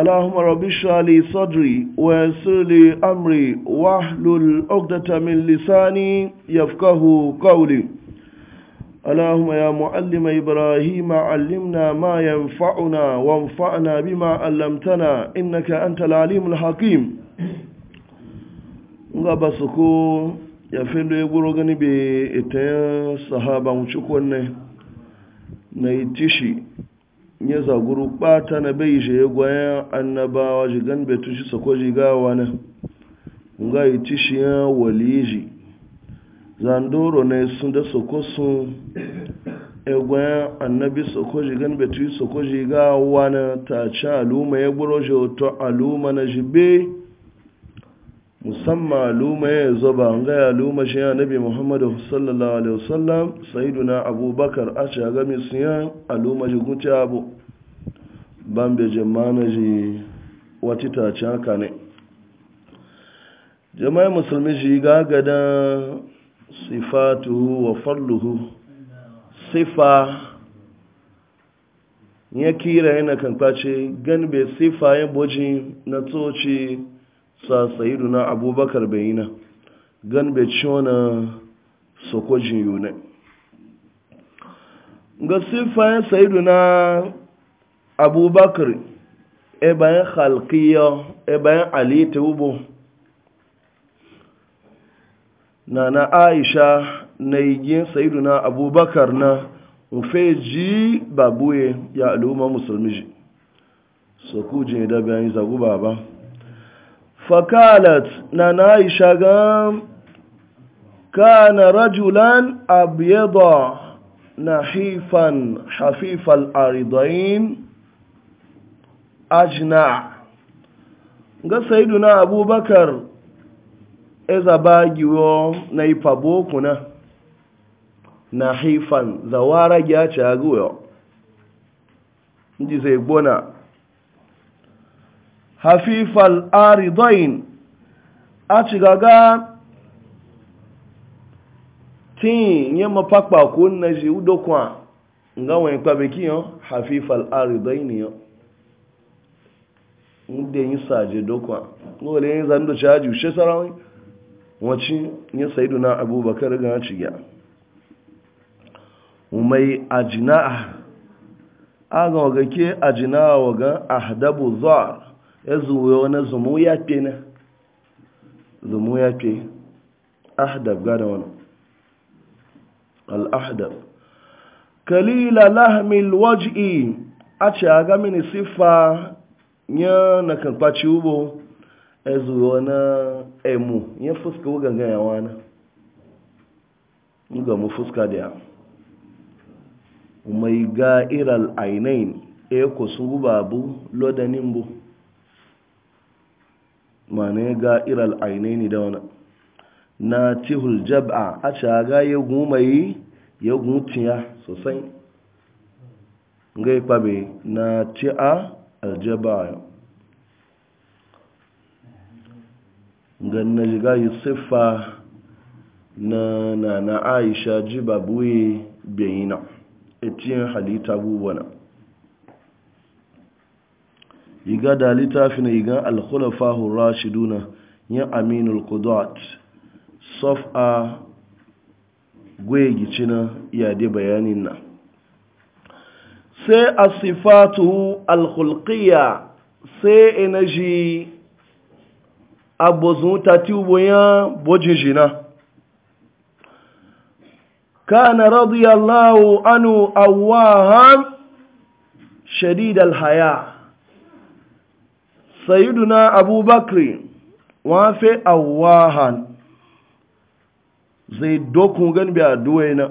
اللهم رب اشرح لي صدري ويسر لي امري واحلل عقدة من لساني يفقه قولي اللهم يا معلم ابراهيم علمنا ما ينفعنا وانفعنا بما علمتنا انك انت العليم الحكيم ngaba suku ya fendo ya guro gani be ita sahaba mu cikon ne na yi tishi ya zaguru ɓata na bai shi ya gwayan annabawa gan bai tushi sako gawa na ga yi tishi ya waliji zandoro na sun da sako sun ya e gwayan annabi sako gan bai tushi sako gawa na ta ci aluma ya gburo shi wato aluma na bai musamman luma ya zuba an gaya luma shi ya nabi muhammadu sallallahu alaihi wasallam sayiduna abubakar a shi ga a luma shi guce abu ban bai jimana wata tace haka ne jama'i musulmi shi gagada sifatuhu wa falluhu sifa ya kira yana kan gan bai sifa ya boji na tsoci sa sayiduna abubakar bayina gan be cona sokojin yune ga sifayen sayiduna abubakar e bayan halkiya e bayan alita ubo na na aisha na igin sayiduna abubakar na ji babuye ya al'umma musulmi sokojin da bayan zagu baba fakalat na na aisha gan kana rajulan abyada nahifan hafifal aridain ajna ga sayyiduna abubakar ezabagiwo na ifabo kuna nahifan zawara ya ci aguwa zai gbona hafifal aridain a cigaga tin yi mafakpa ko na ji udokwa nga wani kwabiki yau hafifal aridain yau inda yi saje dokwa wale yin zan da caji ushe sarawai wacin ya saidu na abubakar ga cigiya umai ajinaa a ga wagake ajina waga ahdabu zuwa ya zuwa wani zumu ya fi na zumu ya fi ahdab gada wani al'ahdab kalila lahamil waj'i a ce a ga mini siffa ya na kan kwaci ya zuwa wani emu ya fuska wuganga ya wani, ga mu fuska da ya mai ga'irar ainihin ya kusa gubabu lodanin bu mana ya ga iral ainihi da wani na ti jab'a a caga ya gumayi ya gutiya sosai ga yi kwabe na a aljab'a ga na jiga yi siffa na na aisha ji jibabuwe bayina etiyan halitta bubuwa yiga da littafin yiga alkhulafahu rashiduna yin aminul kudat sof a gwegici na iyade bayanin na sai a sifatu alkhulkiya sai inaji abozun tatiwoyin bojin jina kana radiyallahu anu عنه أواها شديد haya? sayiduna abubakar wafe awahan zai dokun gan a addu'a na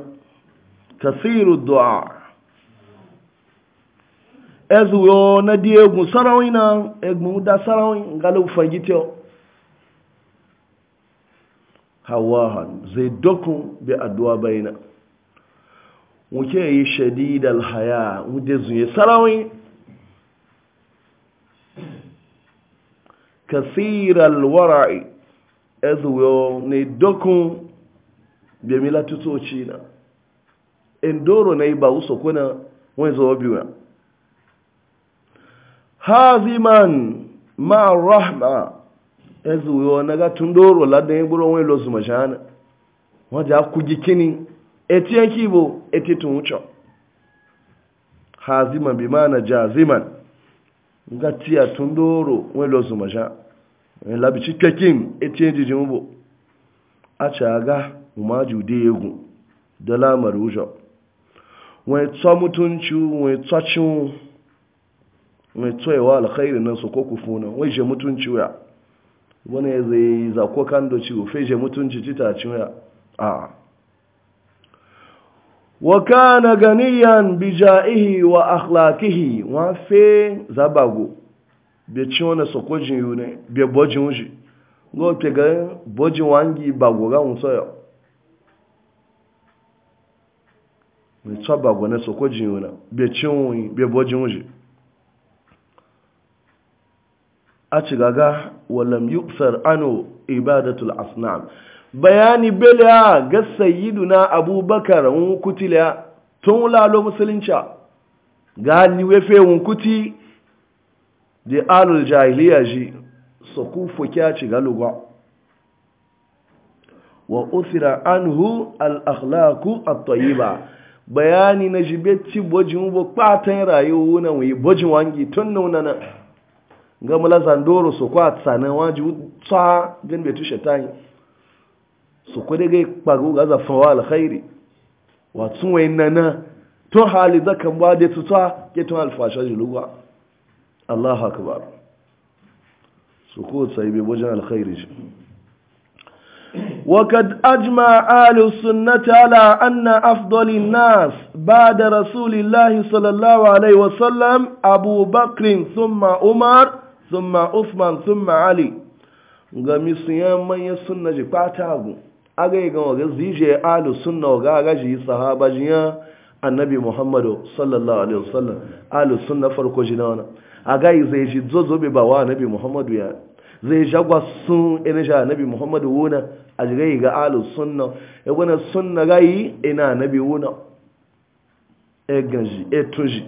kasiru du'a ezuyo na diegun sarawin na egun da sarawin galu fagito hawahan zai dokun bi addu'a bayina wuke yi shadidal haya wude zuye sarawin kasiral wara'i ezuwo ne dokun bemila tutoci na indoro na yi ba uso kuna wani zuwa biyu na haziman ma rahma ezuwo na ga tundoro ladan yi buru wani losu mashana wajen akugi kini etiyan kibo etitun wucin haziman bi na jaziman nga tiya tun doro wani lo su masha wani labici kekin etiyen jijin mubo a caga umaju da yegu da lamar wujo wani tso mutunci wani tso cin wani tso yawa alkhairi nan su ko kufu nan mutu je mutunci wuya wani e zai zako kan do ciwo fai je mutunci cita cin ya ah وكان غنيا بجائه واخلاقه وفي زبغو بيتشونا سوكوجي يونه بيبوجي ونجي ngo tega boji wangi bago ga unsoyo me tsaba gona sokoji yona be a cigaga walam yuksar anu bayani bela ga na abubakar un kutila tun lalo musulunci ga ni wefe un kuti da alul jahiliya ji su kufu kya ci galuwa wa usira anhu al-akhlaqu at-tayyiba bayani na ci bojin bo patan rayuwa na wi bojin wangi tun nuna na ga mulazan doro su kwa tsanan waji tsa gan betu shetani akwai daga kpagu ga alkhairi. wa alkhairi watsun wai nana to hali zakan ba da tuta ke tun alfashar jiluwa Allahu ba su ko sai bai wajen alkhairi shi وقد أجمع أهل السنة على أن أفضل الناس بعد رسول الله صلى الله عليه وسلم أبو بكر ثم عمر ثم عثمان ثم علي ga misiyan manyan sunna ji aga yi wa gazi je alu sunna ga aga sahaba jiya annabi muhammadu sallallahu alaihi wasallam alu sunna farko jina wana aga yi zai ji zozo bai ba wa annabi muhammadu ya zai jagwa sun ina sha annabi muhammadu wuna a ji ga alu sunna ya e wani sunna gai ina annabi wuna e gaji e tuji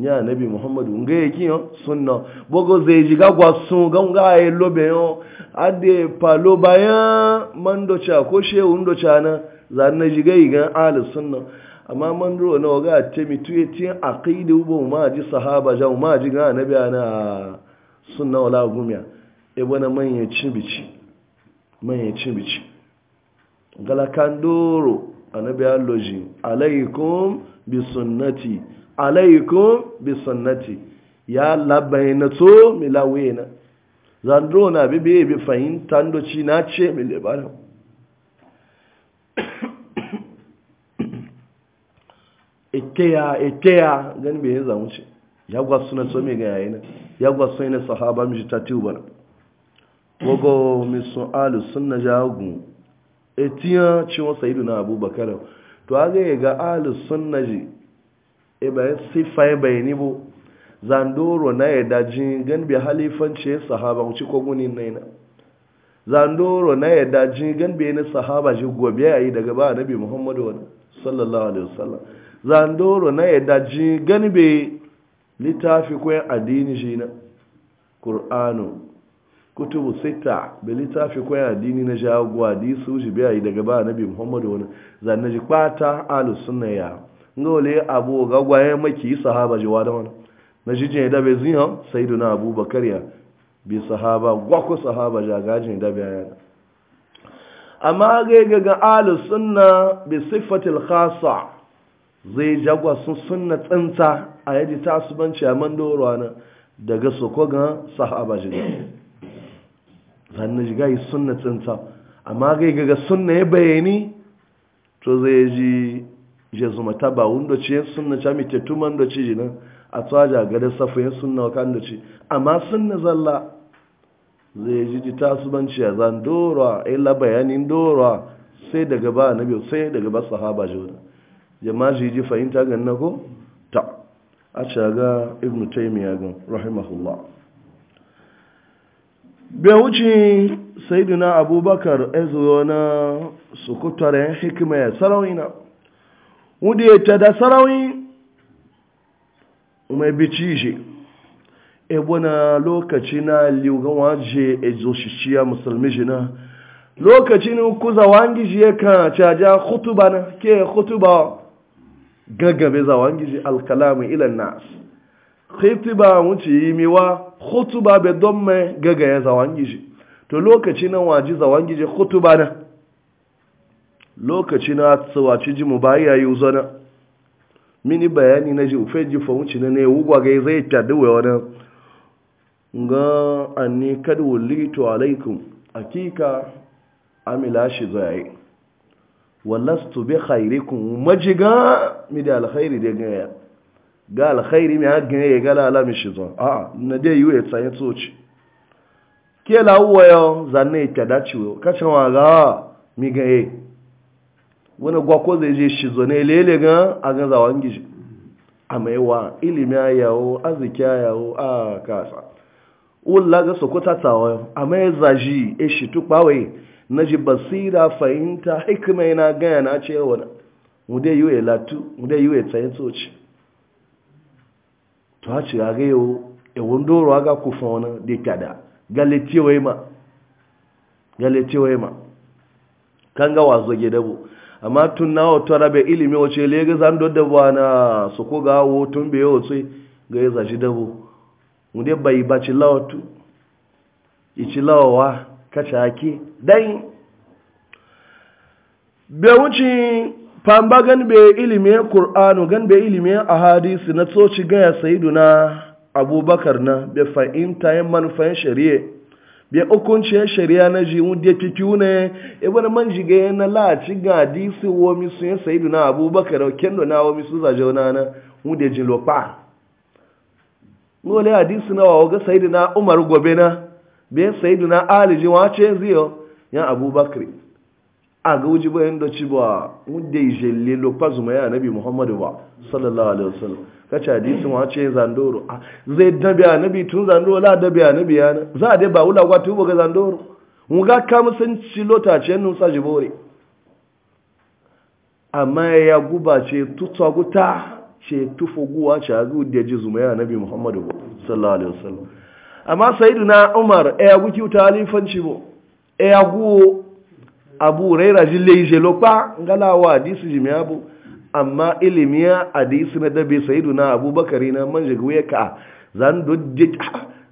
ya nabi muhammadu nga ye kiyo sunna bogo zeji ga gwa sun ga nga ye lobe yo ade palo baya mando cha ko she undo cha na za na jiga igan al sunna amma man ro na ga te mi tuye ti aqidi ubo ma ji sahaba ja ma ji ga nabi ana sunna wala gumiya e bona manye cibici manye cibici gala kandoro anabi alloji alaikum bi sunnati alaikum bi sunnati ya labai na to milawe na zandro na bibi bi fahimta ndoci na ce mi lebaran ekeya ekeya gani bai yin zamu ce ya gwasu na tsomi ga yayi na ya gwasu ne sahaba mi ta tuba na wogo mi sun alu sunna jagu etiyan ci wa sayyiduna abubakar to a ga alu sunna ji ibayen sifa ya bayani bu zandoro na ya daji gan bi halifanci ya sahaba wuce ko gunin na yana zandoro na ya daji gan bi na sahaba shi gobe ya yi daga ba nabi muhammadu wani sallallahu alaihi wasallam zandoro na ya daji gan bi littafi ko yan addini shi na qur'anu kutubu sita bi littafi ko yan addini na jago hadisu shi bi yi daga ba nabi muhammadu wani zannaji kwata alu sunna ya ngole abu ga gwaye maki sahaba jiwa da wani na shi da bai zihon sai duna abu bakar ya bi sahaba gwakwa sahaba jagajin da ya yana amma ga ga gaga alu sunna bi siffatil khasa zai jagwa sun sunna tsinta a yaji tasubanci a man doro na daga su ko ga sahaba jiga zanna jiga yi sunna tsinta amma ga gaga sunna ya bayani to zai ji je zuma ta ba wunda ce sunna ca mi tetuman da ce jina a tsaja gare safayin sunna kan da ci amma sunna zalla zai ji ji tasubanci a zan dora illa bayanin dora sai daga ba nabi sai daga ba sahaba jona jama'a ji ji fahimta gan na ko ta a ga ibnu taymiya gan rahimahullah bai wuce sayyidina abubakar ezo na kutare hikima ya sarauni wanda ta da sarawi mai bici shi ebo e na lokaci na liuga waje ezoshishiya musulmi shi na lokaci ne kuza wangi shi caja khutuba na ke khutuba gaggabe za wangi shi alkalamu ilan nas khutuba wuce yi miwa khutuba be don mai gaggaye za wangi to lokaci na waji za wangi khutuba na lokaci na tsawaci ji mu ya yi uzana mini bayani na ji ufe ji fahimci na ne wugwa ga zai tadi wa wani ga anni kada to alaikum akika amila shi zai wallastu bi khairikum majiga mi da alkhairi da ga ga alkhairi mi ga ga ga la mi shi zo a na dai yi wa tsayin tsoci ke lawo yo zanne ta dace yo kace wa ga mi ga wani gwakwa zai je shi zo ne lele gan a gan zawon gishi a mai ilimi a yawo arziki a yawo a kasa wula ga sokota tawa a mai zaji e shi tukpawe na ji basira fahimta hikima yana gaya na cewa na mude yiwe latu mude yiwe tsayin tsoci to a ce a ga yau ewon doro aga kufa wani da kada galetiyo ma galetiyo ma kan ga wazo gedabo amma tun na wata rabe ilimi wace le ga zan dodda na su ko ga wo tun be yo sai ga ya zaji dabo mu dai bai ba ci lawatu ci lawawa kacha ake dai. be wuci famba gan be ilimi qur'anu gan be ilimi ahadisi na tsoci ga ya sayyiduna abubakar na be fa'imta yan manufan shari'a bi hukuncin shari'a na ji mun da e na ne e wani man jiga na laci ga di su wo mi su ya sayidu na abubakar kendo na wo mi su za jona na mun da jin lopa ngole hadisi na wa ga sayidu na umar gobe na bi sayidu na ali ji wa ce ziyo ya abubakar a ga wuji bayan da ci ba mun da jelle lopa zuma ya nabi muhammadu ba sallallahu alaihi wasallam kacha hadisin wace zandoro ah, zai dabi annabi tun zandoro la dabi annabi yana za a dai ba wula kwa tubo ga zandoro Mun ga ka ci lota ce nun sa jibore amma ya guba ce tutsa guta ce tufo guwa ce a da ji zuma ya nabi muhammadu sallallahu alaihi wasallam amma sayyidina umar e ya guki uta alifanci bo e ya gu abu raira jille je ngala ngalawa hadisi jimi abu amma ilimiya hadisi na dabe sai na abubakari na manja shiga wuya ka zan dojje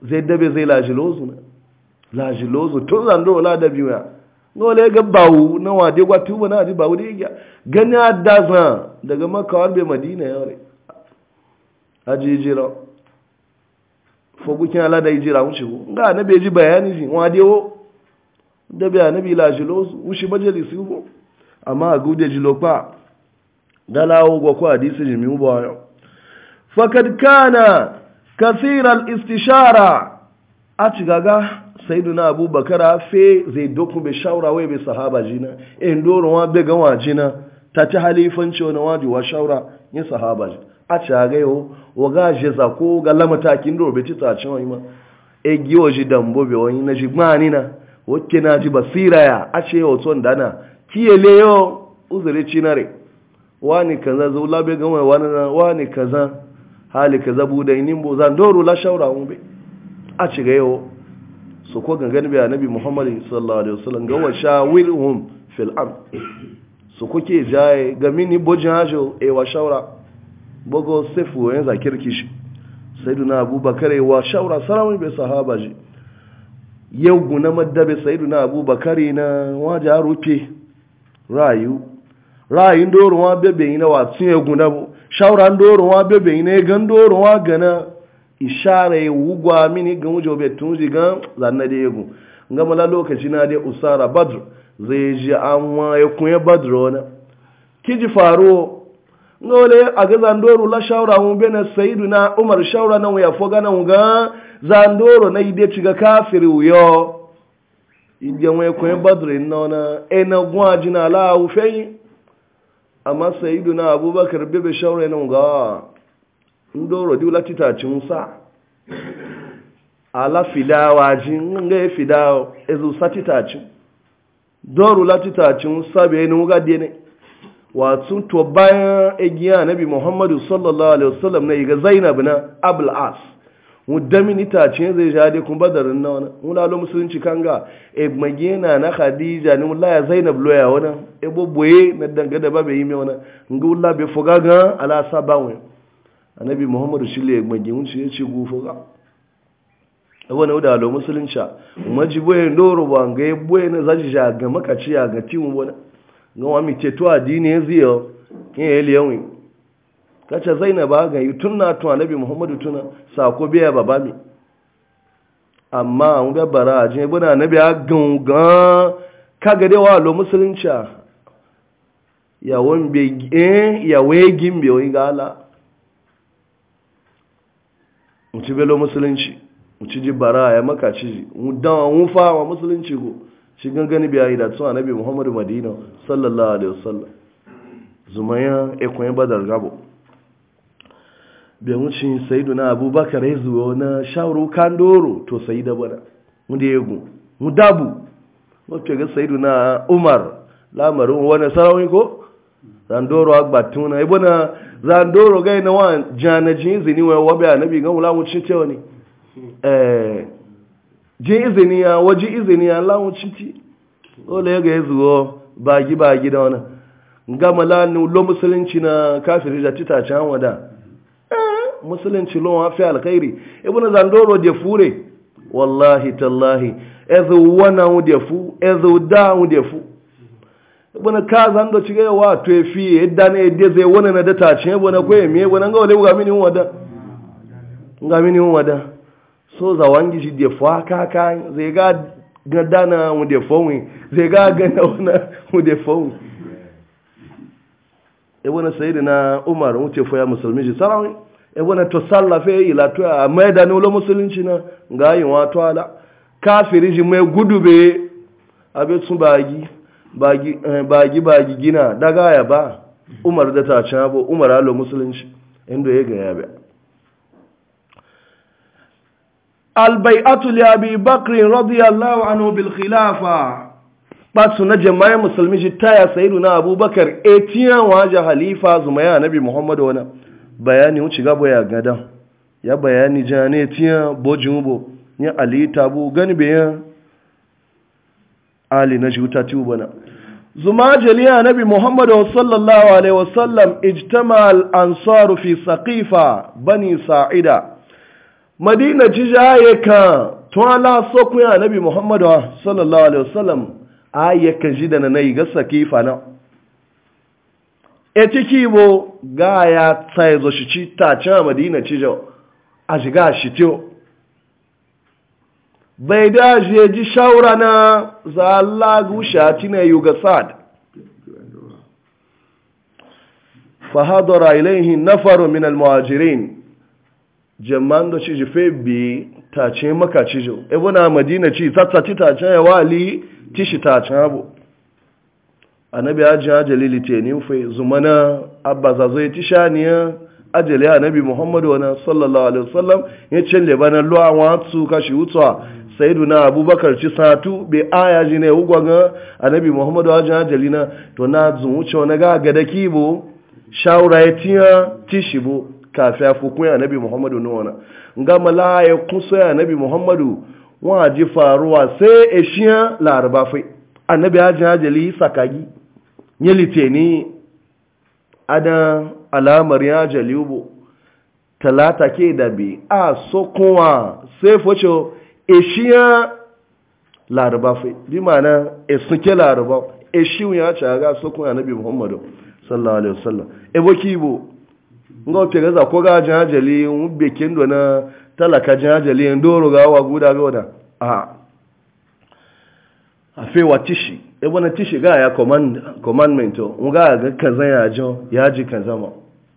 zai dabe zai lajilozu na lajilozu tun zan do wala dabi ma ngole ga bawu na wade gwa tuba na ji bawu dai ya gani adda zan daga makka har be madina yare aji jira fogukin ala da jira mun shigo ga na bai ji bayani ji wade wo dabe na bi lajilozu mun majalisi ko amma a gude jilopa dalawo ga ku hadisi jimi ba fakad kana al istishara a cigaga sayyiduna abubakar fe zai doku be shawara wai be sahaba jina in e doro wa be gawa jina ta ci halifanci wani waji wa shawara ni sahaba jina a cigaga yau wa ga jeza ko ga lamatakin doro be ci ci wani ma e o ji dambo be wani na ji gbani na wakke na ji basira ya a ce yau ton dana kiyele yau uzuri cinare wani kaza zo labe gama wani na wani kaza hali kaza budai nimbo zan doro la shaura mu be a ci ga yau su ko gangan biya nabi Muhammad sallallahu alaihi wasallam ga wa shawirhum fil am. su ke jaye ga mini bojin hajo e wa shaura bogo sefu yan zakir kishi sayyiduna abubakar e wa shaura salamu be sahaba ji yau guna madabe sayyiduna abubakar na waje rufe rayu ra'ayi ndoron wa bebe na wa tun ya guna bu shawara ndoron wa bebe ina ya gan ndoron ga na ishara ya wugwa mini gan wujo be tun ji gan zanna da ya gun gama la lokaci na dai usara badr zai ji an wa ya kun ya badr wani kiji faro ngole a ga la shawara mu be na na umar shawara na nan ya foga nan ga za zandoro na ide ci ga kafiri yo indiyan wa ya kun ya badr ina na ena gwa ala la ufeyi amma sayidu na abubakar bebe shaurai nan ga ndoro diula titacin sa ala fidawa jin nga fidawa ezu sa titacin doru la titacin sa be ni ga dene watsun to bayan egiya nabi muhammadu sallallahu alaihi wasallam na ga zainab na abul as mudamin itacen zai ja dai kun badarin na wani mula lo musulunci kanga e magena na khadija ni mula ya zainab loya wani e boboye na danga da babe yime wani nga mula be foga ga ala saba we annabi muhammadu shille e magi mun shi yace gu foga e wani da lo musulunci majibo e ndoro ba nga e boye na zaji ja ga makaci ya ga timu wani nga wa mi ce to adini ziyo ke eliyawi kace zainaba ga yi tunna to annabi muhammadu tuna sako biya baba mi amma an da bara je buna nabi a gangan kaga dai wa lo musulunci ya won be eh ya wegin be wai gala mutu belo musulunci mutu ji bara ya maka ciji mu dan mu fa wa musulunci go shi gangani biya da tun annabi muhammadu madina sallallahu alaihi wasallam zumaya ekwen badar gabo bai saidu na abubakar ya zuwa na shawaru kandoro to sayi da bada wanda ya gu mudabu wacce ga sayidu na umar lamarin wani sarawai ko zandoro agbatun na ibona zandoro gai na wan jana jin izini wa wabe annabi ga wula wuce cewa ne eh, jin izini ya waji izini ya lawun citi ole ga ya zuwa bagi bagi da wani gama lanu lo musulunci na kafiri da titacen wada musulunci lon hafi alkhairi ibn zandoro de fure wallahi tallahi ezu wana wu de fu ezu da wu de fu ibn ka zando cige wa to efi edda ne de ze wona na data cin ibn ko emi ibn nga wale ga mini wada nga mini wada so za wangi ji de fa ah, ka ka ze ga gada na wu de fo wi ze ga ga wona wu de fo wi ibn sayyidina umar wuce fa ya musulmi ji sarawin ebona to sallafe ila to a maida ni ulo musulunci na ga yi wa to ala kafiri ji mai gudu be abe tun bagi bagi eh, bagi bagi gina daga ya ba umar da ta can abu umar alo musulunci inda ya ga ya be albai'atu li abi bakr radiyallahu anhu bil khilafa basu na jama'a musulmi ji ya sayyiduna abubakar etiyan wa halifa zumaya nabi muhammadu wa bayani wuce gabo ya gada ya bayani jane tiya bojin bo ya ali tabu gani bayan ali na juta bana. zuma jaliya nabi muhammadu sallallahu alaihi wasallam ijtama al ansaru fi saqifa bani sa'ida madina jijaye ka tuwala sokuya nabi muhammadu sallallahu alaihi wasallam ayyaka jidana na yi ga saqifa na e ciki bo ga ya tsaye zo shi ci ta a madina ci jau a shiga shi tiyo bai da ya ji shawara na za Allah gusha tina yuga sad fa hadara ilaihi nafaru min al muhajirin jamman da ci jife bi ta ce maka ci jau e bona madina ci tsatsa ci ta ce wali wali shi ta ce abu annabi hajji ajali litinin fai zumana abba zazai ti shaniya ajali annabi muhammadu na sallallahu alaihi wasallam ya bana lebanon luwa watu kashi wutuwa sayidu na abubakar ci satu bai aya ji ne ugwaga annabi muhammadu hajji ajali na to na zumuce wani ga gada kibo shawara ya tiya tishi bo kafin ya fukun annabi muhammadu na wana ga malaya kusa ya annabi muhammadu wani ji faruwa sai eshiya laraba fai annabi hajji ajali sakagi ya lice ni ada alamar ya jalibu talata ke da bi. a sokowa sai focho eshiya laraba fi bi mana esuke laraba eshiwu ya ci aga sokowa nabi muhammadu sallallahu alaihi wasallam ebo kibo ngo ofe gaza ko ga jajali wubbe kendo na talaka jajali ndoro ga wa guda goda a afe watishi ebe na tishi ga ya commandment o ga ga kaza ya jo ya ji kaza ma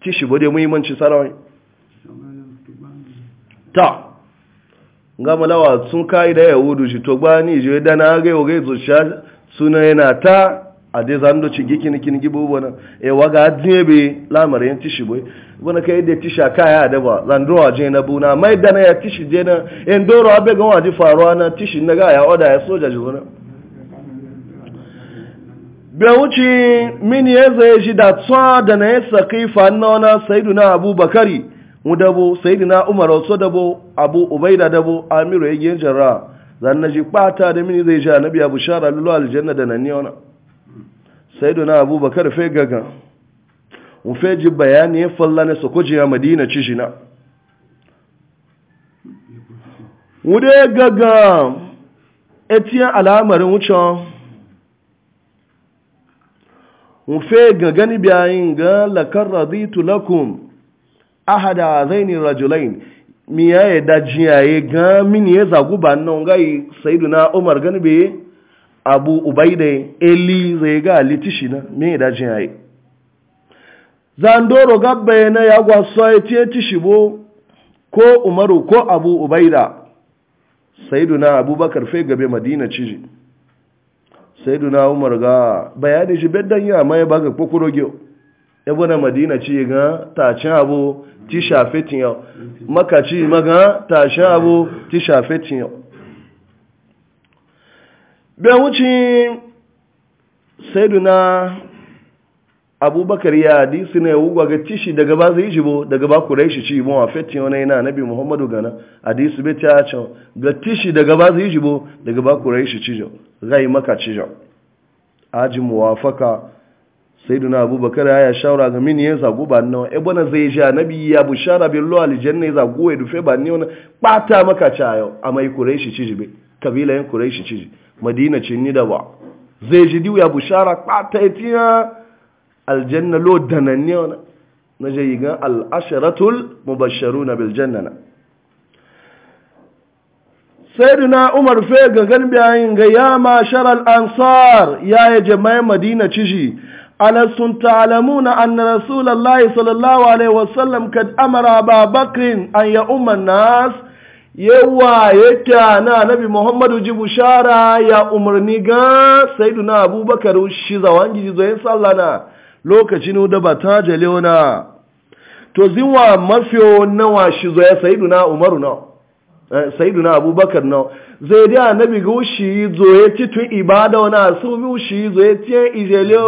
tishi bode muhimmanci sarawai ta ga malawa sun kai da yahudu shi to gbani je da na ga yau ga zuciya suna yana ta a dai zan do ci gikin kin gibo bona e waga dinebe lamarin tishi boy bona kai da tisha kaya da ba zan do waje na buna mai da na ya tishi je na en doro abe ga waje faruwa na tishi na ga ya oda ya soja ji bona wuce min ya zai shi da tsawa da na ya saki fannona sayidu na abu bakari mu dabo sayidu na umar wasu dabo abu ubaida dabo amiru ya gyan jara zan na ji kpata da mini zai sha nabi abu shara lulu aljanna da nan yana sayidu na abu bakar fe gaga mu fe ji bayani ya falla na sokoji ya madina ci shi na mu dai gaga etiyan al'amarin wucin mufe ga gani biyayin ga lakar raditu lakum ahada zaini rajulain mi ya yi daji yaye ga mini ya zagu ba nan gai umar gani be abu ubaida eli zai ga litishi na mi ya daji yaye zandoro gabba na ya gwaso ya tiye ko umaru ko abu ubaida na abubakar fe gabe madina ciji sai duna umar ga bayani shi beddan yi amma ya baga kokoro gyo ebo na madina ci ga tashin abu ti shafe tiyo maka ci maga tashin abu ti shafe tiyo bai wucin sai duna abubakar ya hadisi ne wugwa ga tishi daga ba zai bo daga ba ku raishi ci mu afetti ona na, nabi muhammadu gana hadisi bai ta cha ga tishi daga ba zai bo daga ba ku raishi ci jo gai maka ci jo aji muwafaka sayyiduna abubakar ya shawara ga mini yasa guba no e bona zai ji nabi ya bushara billo aljanna za goye fe ba ni ona pata maka chayo amai quraishi ci jibe kabila yin shi ci madina ci ni da ba zai ji ya bushara pata itiya aljanna lo dananne ona na jayi gan al'asharatul mubasharu na biljanna na sai na umar fe gangan bayan ga ya mashar ansar ya yi jama'in madina cishi alasun ta'alamu na an rasulallah sallallahu alaihi wasallam kad amara ba bakrin an ya umar nas yawa ya na nabi muhammadu ji bushara ya umarni ga na abubakar shi zawon gizo yin sallana lokacin da ba ta jale wana to zinwa mafiyo nawa shi zo ya na umaru na eh, na abubakar na zai da nabi ga shi zo ya ci tun ibada wana su bi shi zo ya ci ijele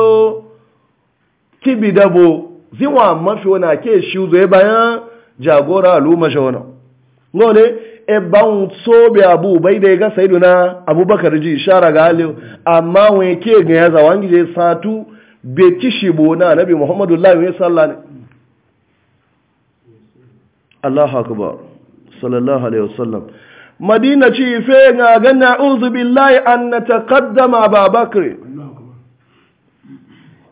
kibi dabo zinwa mafiyo na ke shi zo ya bayan jagora al'umma shawana ngole e ban so bi abu bai da ga na abubakar ji shara ga aliyu amma wai ke ga ya zawangi je satu bai kishi na nabi muhammadu lai ya sallah ne allahu akbar sallallahu alaihi wasallam madina ci fe ga ga na'udhu billahi an ba babakr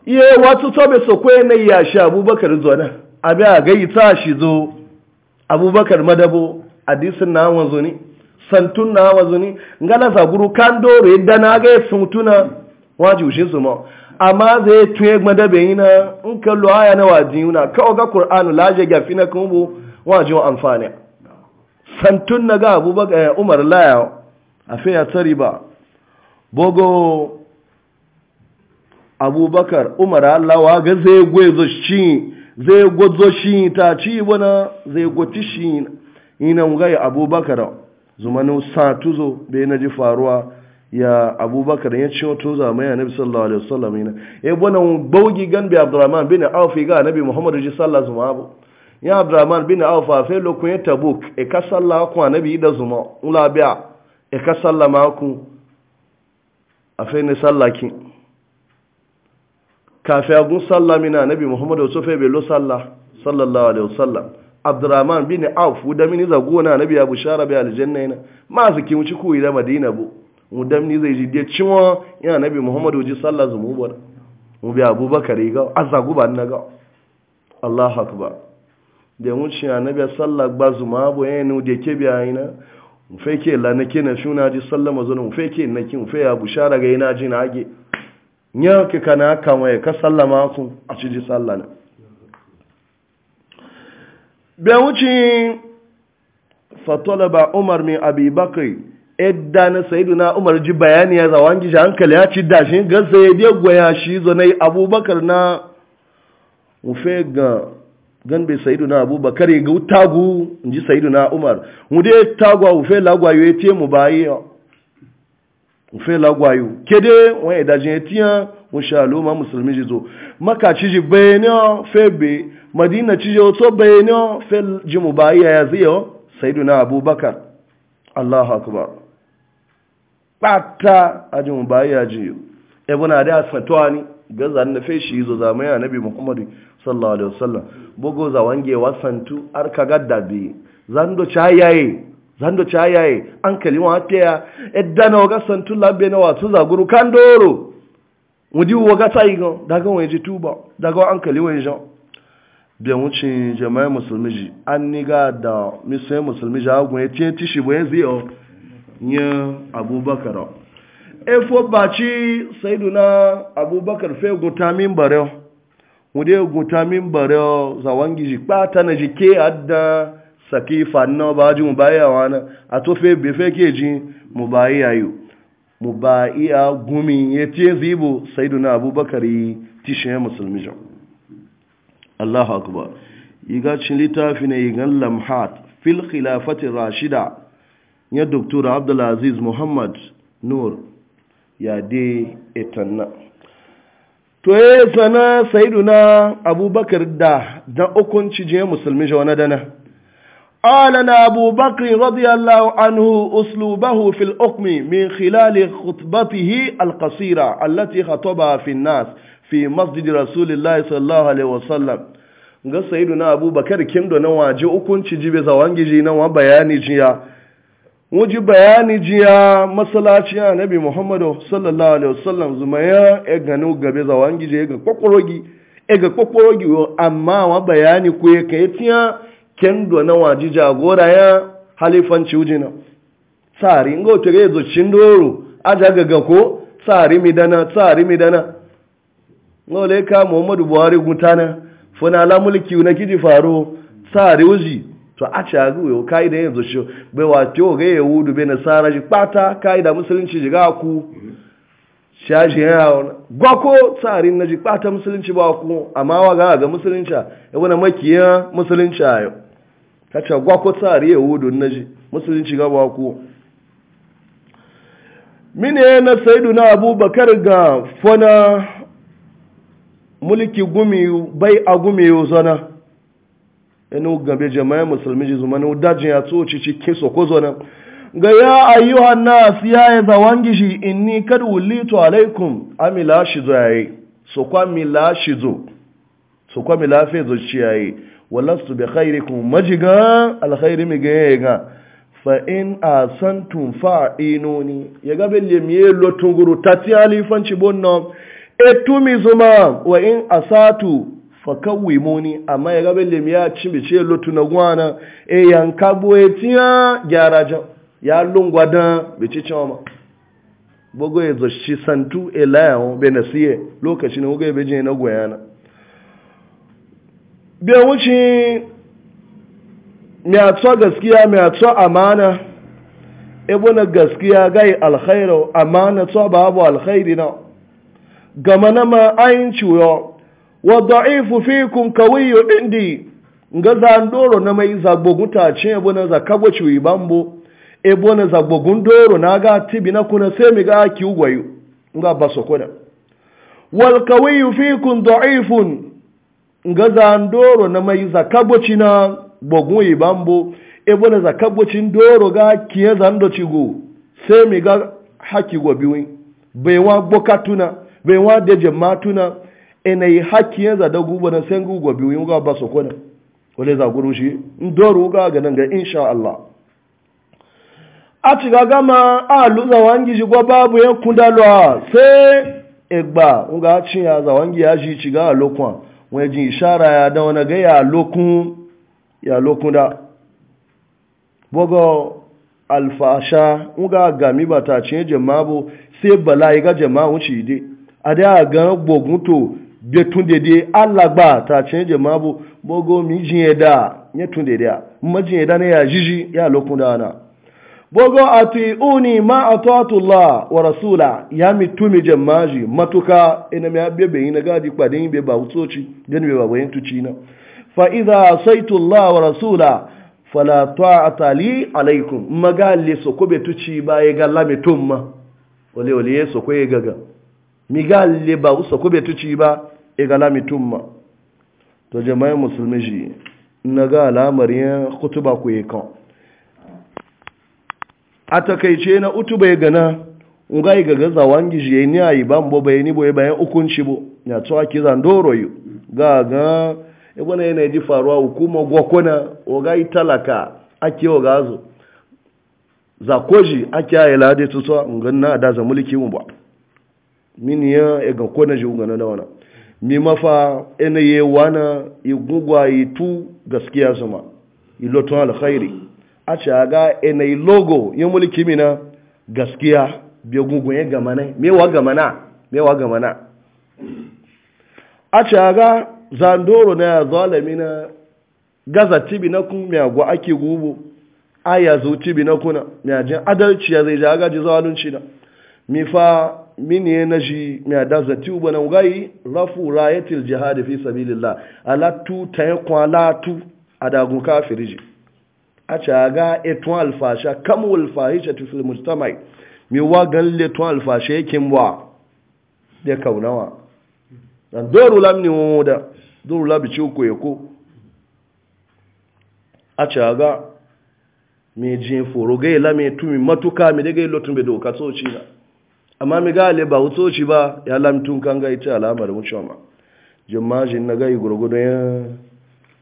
iye wato tobe so kwe na ya shi abubakar zuwa nan abi a gai ta shi zo abubakar madabo hadisin na wanzo ne santun na wanzo ne ngala sa guru kan doro yadda na ga sun tuna waji ushe su ma amma zai tuye gbada bayi na in kallo haya na wajiyu na kawo ga ƙur'anu laje gafi na kuma bu wa amfani santun na ga abubakar eh, umar laya a fiya tsari ba bogo abubakar umar allawa ga zai gwezo shi zai gwazo shi ta ci wana zai gwati shi ina ngai abubakar zumanu satuzo bai na ji faruwa ya abubakar ya ci wato zamai a nabi sallallahu alaihi wasallam ina ya e, bona baugi gan bi abdurrahman bin auf ga nabi muhammadu ji sallallahu zuma abu ya abdurrahman bin auf a fe lokun ya tabuk e ka salla ku nabi da zuma ula biya e ka salla ma ku a fe ne sallaki kafi agun sallamina mina nabi muhammadu so fe be lo salla sallallahu alaihi wasallam abdurrahman bin auf da mini zagona nabi abu shara bi aljanna ina ma su ku da madina bu mudam ni zai ji da cinwa ina nabi muhammadu ji sallah zumu bar mu bi abubakar ga azza guba na ga allah akbar da mu ci annabi sallah ba zuma bo ya nu da ke biya ina mu ke la na ke na shuna ji sallah mazo mu fake na ki mu fe ya bushara ga ina ji na age nya ke kana kama waye ka sallama ku a ci ji sallah na bi wuci fatalaba umar min abi bakri yadda na na umar ji bayani ya zawon gishi hankali ya ci dashi ga sai dai gwaya shi zo na abubakar na wufe ga gan bai abubakar ya ga tagu in ji umar wude dai tagwa wufe lagwayo ya ce mu bayi wufe lagwayo ke dai wani idajin ya tiya musha musulmi ji zo maka ci ji bayani fe be madina ci ji wato bayani fe ji mu bayi ya zai yau na abubakar Allahu akbar kpata ajin mu baya jiyo ebe na da santuwa ni ga zan na fe shi izo zamai annabi muhammadu sallallahu alaihi wasallam bogo za wange wasantu ar gadda bi zando chayaye zando chayaye an kalima ateya edana ga santu labe na wasu zaguru kandoro mudi wo ga sai go daga wani ji tuba daga an kalima jo bi wuce jama'a musulmi ji an ni ga da misai musulmi ja gun ya ce tishi bo yanzu yo nye abubakar efo baci saiduna abubakar fe gutamin bareo mude gutamin bareo zawangi ji kpata na ji ke adda sakifa na ba ji mu bayi wana a to fe be fe ke ji mu bayi ayu mu bayi a gumi ya zibo saiduna abubakar yi tishin musulmi jo Allahu akbar yiga cin littafin ne yigan lamhat fil khilafati rashida ya doktora abdulaziz muhammad nur ya de etanna to ya sana sayiduna abubakar da da okunci je musulmi shi wani dana alana abubakar radiyallahu anhu uslubahu fil okmi min khilali khutbatihi alkasira allati khatoba fi nas fi masjid rasulillah sallallahu alaihi wasallam ga saiduna abubakar Kendo na waje okunci jibe zawangiji na wa bayani jiya wajen bayani jiya masalaci a nabi muhammadu sallallahu alaihi wasallam zuma ya e gani gabe za gije e ga kwakwarogi ya e ga kwakwarogi amma wa bayani ku ya kai tiya kendo na waji jagora ya halifanci wujina tsari ngo to ga zocin doro aja gaga ko tsari mi dana tsari mi dana ngo le ka muhammadu buhari gutana funa la mulki na kiji faro tsari wuji to a ci agu yau kai da yanzu shi bai wa wato ga yahudu bai nasara shi kpata kai da musulunci jiga ku shi shaji yana wani gwako tsarin na shi kpata musulunci ba ku amma wa ga ga musulunci e ya wani makiya musulunci a yau ta ce gwako tsari yahudu na shi musulunci ga ba ku mini ya na saidu na abubakar ga fona mulki gumi bai a gumi yau zana inu gabe jama'a musulmi ji zuma dajin ya tso ci ci kiso ko zo nan ga ya ayyuhan si ya ya zawangi shi inni kad wulitu alaikum amila shi zo yayi so kwa mila shi zo so kwa mila fe zo ci yayi walastu bi khairikum majiga alkhairi mi ga ga fa in ino ni ya gabe le miye lotunguru tati alifanci etu etumi zuma wa in asatu fakawi muni amma ya gabe lim ya ci bi ce lotu na gwana e yanka boye tiya gyara ja ya lungwa da ci ma bogo ya shi santu e layo be siye lokaci ne goye ya je na goyana be wuce mi atso gaskiya mi atso amana e, na gaskiya gai alkhairu amana to babu alkhairi na gama na ma ayin ciwo wa fikun fikum indi nga ndoro na mai zagbogun tace ebo na zakago ciwi bambo ebo na zagbogun doro na ga tibi na kuna sai mi ga ki ugwayo nga kuna wal kawiyyu fikum da'ifun nga ndoro na mai zakago na bogun yi bambo ebo na ndoro ga zando sai mi ga haki bai wa bokatuna bai wa ina yi haki ya zada guba na sai guba biyu yin ba su kwana wale za guru shi in doru ga ga nan ga insha Allah a ci gaga ma a luza wangi shi gwa babu yan kunda lwa sai egba nga ci ya za wangi ya shi ci ga lokwa wani ji ishara ya da wani ga ya lokun ya lokun da bogo alfasha nga gami bata ta ci jama'a sai bala ga jama'a wuce dai a da ga gbogun to bai tun daidai Allah ba ta canje bo bogo mi jin da ya tun daidai ma jin da ne ya jiji ya lokun da ana bogo ati uni ma atatu Allah wa rasula ya mi tumi jamaji matuka bɛ ina mi abebe di gadi kwadin be ba ci den bɛ ba tu ci na fa idha saitu Allah wa rasula fala ta'ata li alaikum le so ko tu ci ba ye ya galla mi tumma wale ole so ko ya gaga le ba usa ko tu ci ba igala e mitumma to jama'in musulmi shi na ga alamarin kutuba ku yi kan a takaice na utuba ya gana nga yi gaga zawon gishi ya yi ni a yi ban bai ni boye bayan ukunci bo ya tsawa ki zandoro yi ga ga ibana e yana ji faruwa hukuma gwakwana oga yi talaka ake oga zo zakoji ake a yi lade tutuwa ngan na da za mulki mu ba min ya e ga kona ji ungana da wannan mi mafa enaye wana igugwa itu gaskiya zuma ilotun alkhairi a ce ga logo yin mulki mina gaskiya biya gungun ya gamana mewa gamana mewa gamana a ce ga zandoro na zalami na gaza tibi na kun miyagwa ake gubu a yazo tibi na kuna miyajin adalci ya zai ji ji zalunci na mini na shi a da zati uba nan gai rafu rayatil jihad fi sabilillah alatu ta kwalatu adagun kafiriji a caga etun alfasha kamu alfahisha tu fil mujtama'i mi wa gan letun alfasha yakin wa da kaunawa dan doru lam ni mu da doru labi ci ko ko a caga me jin foro gai la me tumi matuka me daga lotun be doka so ci na amma mi gale ba wuto shi ba ya lamtun kan ga ita alamar wucewa ma jimajin na gai gurgudu ya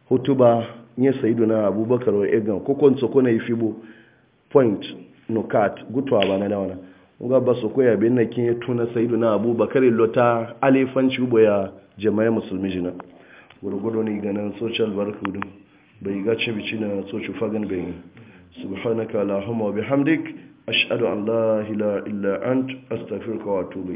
hutuba ya saidu na abubakar wa egan kokon tsoko na ifibo point nukat gutuwa ba na dawana ga ba su koya bin na kin ya tuna saidu na abubakar lota alifanci ubo ya jama'a musulmi jina gurgudu ne ganin social barkudu bai ga bici na social fagen bai subhanaka allahumma wa bihamdik ashadu an la ilaha illa ant astaghfiruka wa atubu